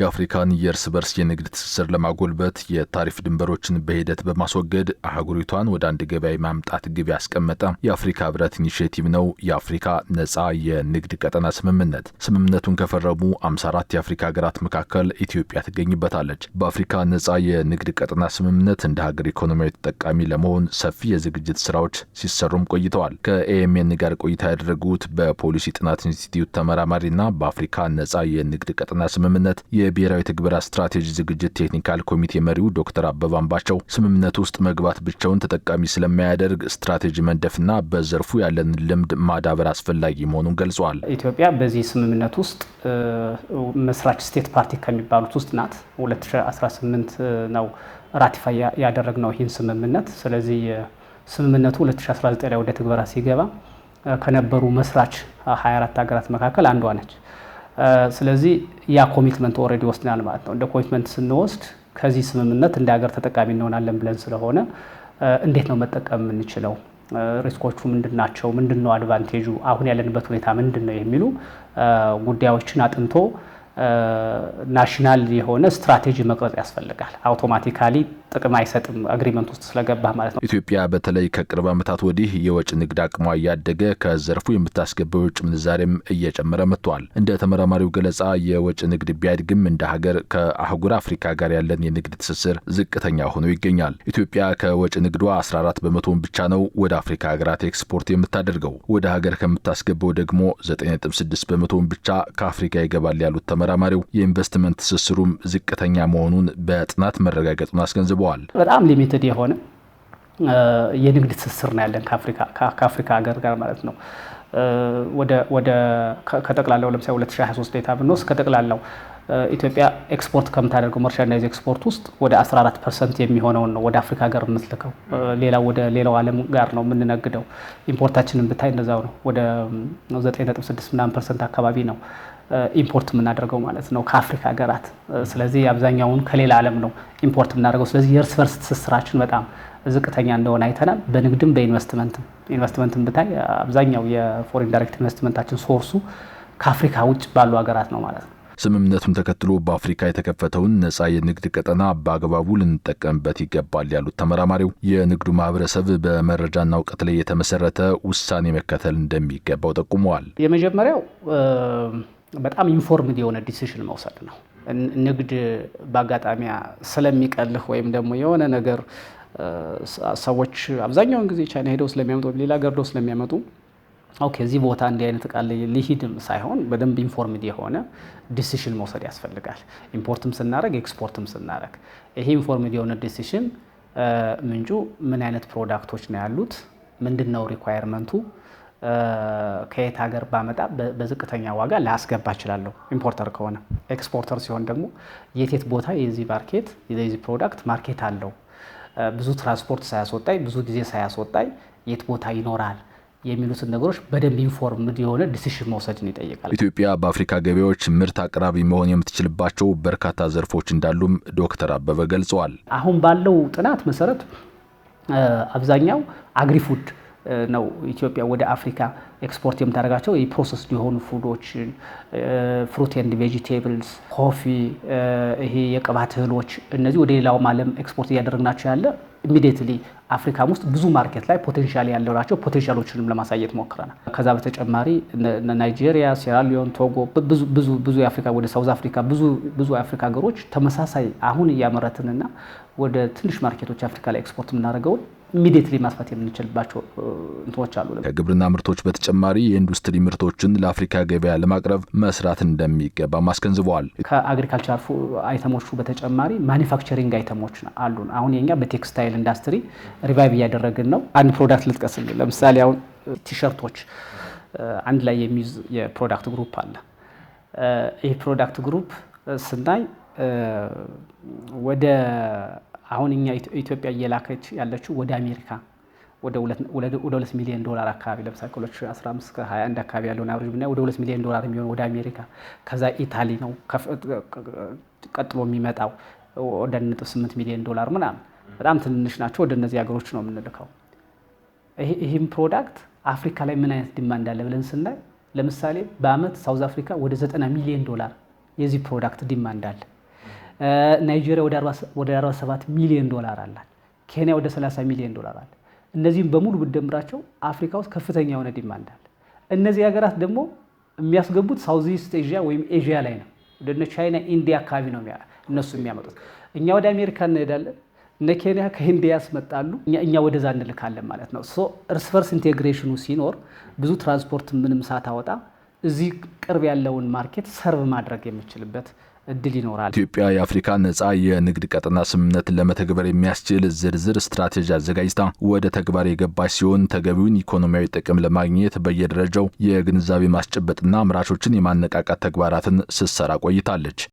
የአፍሪካን የእርስ በርስ የንግድ ትስስር ለማጎልበት የታሪፍ ድንበሮችን በሂደት በማስወገድ አህጉሪቷን ወደ አንድ ገበያ ማምጣት ግብ ያስቀመጠ የአፍሪካ ህብረት ኢኒሽቲቭ ነው የአፍሪካ ነጻ የንግድ ቀጠና ስምምነት። ስምምነቱን ከፈረሙ 54 የአፍሪካ ሀገራት መካከል ኢትዮጵያ ትገኝበታለች። በአፍሪካ ነጻ የንግድ ቀጠና ስምምነት እንደ ሀገር ኢኮኖሚያዊ ተጠቃሚ ለመሆን ሰፊ የዝግጅት ስራዎች ሲሰሩም ቆይተዋል። ከኤኤምኤን ጋር ቆይታ ያደረጉት በፖሊሲ ጥናት ኢንስቲትዩት ተመራማሪና በአፍሪካ ነጻ የንግድ ቀጠና ስምምነት የብሔራዊ ትግበራ ስትራቴጂ ዝግጅት ቴክኒካል ኮሚቴ መሪው ዶክተር አበባ አምባቸው ስምምነት ውስጥ መግባት ብቻውን ተጠቃሚ ስለማያደርግ ስትራቴጂ መንደፍና በዘርፉ ያለን ልምድ ማዳበር አስፈላጊ መሆኑን ገልጸዋል። ኢትዮጵያ በዚህ ስምምነት ውስጥ መስራች ስቴት ፓርቲ ከሚባሉት ውስጥ ናት። 2018 ነው ራቲፋይ ያደረግነው ይህን ስምምነት። ስለዚህ ስምምነቱ 2019 ላይ ወደ ትግበራ ሲገባ ከነበሩ መስራች 24 ሀገራት መካከል አንዷ ነች። ስለዚህ ያ ኮሚትመንት ኦልሬዲ ወስደናል ማለት ነው። እንደ ኮሚትመንት ስንወስድ ከዚህ ስምምነት እንደ ሀገር ተጠቃሚ እንሆናለን ብለን ስለሆነ እንዴት ነው መጠቀም የምንችለው? ሪስኮቹ ምንድን ናቸው? ምንድን ነው አድቫንቴጁ? አሁን ያለንበት ሁኔታ ምንድን ነው? የሚሉ ጉዳዮችን አጥንቶ ናሽናል የሆነ ስትራቴጂ መቅረጽ ያስፈልጋል። አውቶማቲካሊ ጥቅም አይሰጥም አግሪመንት ውስጥ ስለገባ ማለት ነው። ኢትዮጵያ በተለይ ከቅርብ ዓመታት ወዲህ የወጭ ንግድ አቅሟ እያደገ ከዘርፉ የምታስገባው የውጭ ምንዛሬም እየጨመረ መጥቷል። እንደ ተመራማሪው ገለጻ የወጭ ንግድ ቢያድግም እንደ ሀገር ከአህጉር አፍሪካ ጋር ያለን የንግድ ትስስር ዝቅተኛ ሆኖ ይገኛል። ኢትዮጵያ ከወጭ ንግዷ 14 በመቶን ብቻ ነው ወደ አፍሪካ ሀገራት ኤክስፖርት የምታደርገው። ወደ ሀገር ከምታስገባው ደግሞ 9.6 በመቶን ብቻ ከአፍሪካ ይገባል ያሉት ተመ ተመራማሪው የኢንቨስትመንት ትስስሩም ዝቅተኛ መሆኑን በጥናት መረጋገጡን አስገንዝበዋል። በጣም ሊሚትድ የሆነ የንግድ ትስስር ነው ያለን ከአፍሪካ ሀገር ጋር ማለት ነው። ወደ ከጠቅላላው ለምሳሌ 2023 ዴታ ብንወስድ ከጠቅላላው ኢትዮጵያ ኤክስፖርት ከምታደርገው መርቻንዳይዝ ኤክስፖርት ውስጥ ወደ 14 ፐርሰንት የሚሆነውን ነው ወደ አፍሪካ ሀገር የምትልከው። ሌላ ወደ ሌላው ዓለም ጋር ነው የምንነግደው። ኢምፖርታችንን ብታይ እንደዛው ነው። ወደ 9.6 ምናምን ፐርሰንት አካባቢ ነው ኢምፖርት የምናደርገው ማለት ነው ከአፍሪካ ሀገራት። ስለዚህ አብዛኛውን ከሌላ ዓለም ነው ኢምፖርት የምናደርገው። ስለዚህ የእርስ በርስ ትስስራችን በጣም ዝቅተኛ እንደሆነ አይተናል። በንግድም በኢንቨስትመንትም ኢንቨስትመንትም ብታይ አብዛኛው የፎሬን ዳይሬክት ኢንቨስትመንታችን ሶርሱ ከአፍሪካ ውጭ ባሉ ሀገራት ነው ማለት ነው። ስምምነቱን ተከትሎ በአፍሪካ የተከፈተውን ነፃ የንግድ ቀጠና በአግባቡ ልንጠቀምበት ይገባል ያሉት ተመራማሪው የንግዱ ማህበረሰብ በመረጃና እውቀት ላይ የተመሰረተ ውሳኔ መከተል እንደሚገባው ጠቁመዋል። የመጀመሪያው በጣም ኢንፎርምድ የሆነ ዲሲሽን መውሰድ ነው። ንግድ በአጋጣሚያ ስለሚቀልህ ወይም ደግሞ የሆነ ነገር ሰዎች አብዛኛውን ጊዜ ቻይና ሄደው ስለሚያመጡ ሌላ ገርዶ ስለሚያመጡ ኦኬ እዚህ ቦታ እንዲህ አይነት ቃል ሊሂድም ሳይሆን በደንብ ኢንፎርምድ የሆነ ዲሲሽን መውሰድ ያስፈልጋል። ኢምፖርትም ስናደረግ ኤክስፖርትም ስናደረግ ይሄ ኢንፎርምድ የሆነ ዲሲሽን ምንጩ ምን አይነት ፕሮዳክቶች ነው ያሉት፣ ምንድን ነው ሪኳየርመንቱ፣ ከየት ሀገር ባመጣ በዝቅተኛ ዋጋ ላስገባ እችላለሁ። ኢምፖርተር ከሆነ ኤክስፖርተር ሲሆን ደግሞ የቴት ቦታ የዚህ ማርኬት የዚህ ፕሮዳክት ማርኬት አለው ብዙ ትራንስፖርት ሳያስወጣኝ ብዙ ጊዜ ሳያስወጣኝ የት ቦታ ይኖራል የሚሉትን ነገሮች በደንብ ኢንፎርምድ የሆነ ዲሲሽን መውሰድን ይጠይቃል። ኢትዮጵያ በአፍሪካ ገበያዎች ምርት አቅራቢ መሆን የምትችልባቸው በርካታ ዘርፎች እንዳሉም ዶክተር አበበ ገልጸዋል። አሁን ባለው ጥናት መሰረት አብዛኛው አግሪፉድ ነው ኢትዮጵያ ወደ አፍሪካ ኤክስፖርት የምታደርጋቸው የፕሮሰስ የሆኑ ፉዶችን፣ ፍሩት ኤንድ ቬጂቴብልስ፣ ኮፊ፣ ይሄ የቅባት እህሎች እነዚህ ወደ ሌላውም ዓለም ኤክስፖርት እያደረግናቸው ያለ ኢሚዲየትሊ አፍሪካም ውስጥ ብዙ ማርኬት ላይ ፖቴንሻል ያለናቸው ፖቴንሻሎችንም ለማሳየት ሞክረናል። ከዛ በተጨማሪ ናይጄሪያ፣ ሴራሊዮን፣ ቶጎ ብዙ የአፍሪካ ወደ ሳውዝ አፍሪካ ብዙ የአፍሪካ ሀገሮች ተመሳሳይ አሁን እያመረትንና ወደ ትንሽ ማርኬቶች አፍሪካ ላይ ኤክስፖርት የምናደርገውን ኢሚዲየትሊ ማስፋት የምንችልባቸው እንትኖች አሉ። ከግብርና ምርቶች በተጨማሪ የኢንዱስትሪ ምርቶችን ለአፍሪካ ገበያ ለማቅረብ መስራት እንደሚገባ ማስገንዝበዋል። ከአግሪካልቸር አይተሞቹ በተጨማሪ ማኒፋክቸሪንግ አይተሞች አሉ። አሁን የኛ በቴክስታይል ኢንዱስትሪ ሪቫይቭ እያደረግን ነው። አንድ ፕሮዳክት ልጥቀስ። ለምሳሌ አሁን ቲሸርቶች አንድ ላይ የሚይዝ የፕሮዳክት ግሩፕ አለ። ይህ ፕሮዳክት ግሩፕ ስናይ ወደ አሁን እኛ ኢትዮጵያ እየላከች ያለችው ወደ አሜሪካ ወደ ሁለት ሚሊዮን ዶላር አካባቢ ለምሳሌ ከሁለት 15 ከ21 አካባቢ ያለውን አብሬጅ ብናይ ወደ ሁለት ሚሊዮን ዶላር የሚሆን ወደ አሜሪካ፣ ከዛ ኢታሊ ነው ቀጥሎ የሚመጣው ወደ 8 ሚሊዮን ዶላር ምናምን። በጣም ትንንሽ ናቸው። ወደ እነዚህ ሀገሮች ነው የምንልከው። ይህም ፕሮዳክት አፍሪካ ላይ ምን አይነት ድማ እንዳለ ብለን ስናይ ለምሳሌ በአመት ሳውዝ አፍሪካ ወደ 90 ሚሊዮን ዶላር የዚህ ፕሮዳክት ዲማንድ አለ። ናይጄሪያ ወደ 47 ሚሊዮን ዶላር አላት። ኬንያ ወደ 30 ሚሊዮን ዶላር አለ። እነዚህም በሙሉ ብደምራቸው አፍሪካ ውስጥ ከፍተኛ የሆነ ዲማንድ አለ። እነዚህ ሀገራት ደግሞ የሚያስገቡት ሳውዝ ኢስት ኤዥያ ወይም ኤዥያ ላይ ነው። ወደ ቻይና፣ ኢንዲያ አካባቢ ነው እነሱ የሚያመጡት። እኛ ወደ አሜሪካ እንሄዳለን እነ ኬንያ ከኢንዲያ ያስመጣሉ፣ እኛ ወደዛ እንልካለን ማለት ነው። ሶ እርስ በርስ ኢንቴግሬሽኑ ሲኖር ብዙ ትራንስፖርት ምንም ሳታወጣ እዚህ ቅርብ ያለውን ማርኬት ሰርቭ ማድረግ የምችልበት እድል ይኖራል። ኢትዮጵያ የአፍሪካ ነጻ የንግድ ቀጠና ስምምነትን ለመተግበር የሚያስችል ዝርዝር ስትራቴጂ አዘጋጅታ ወደ ተግባር የገባች ሲሆን ተገቢውን ኢኮኖሚያዊ ጥቅም ለማግኘት በየደረጃው የግንዛቤ ማስጨበጥና አምራቾችን የማነቃቃት ተግባራትን ስትሰራ ቆይታለች።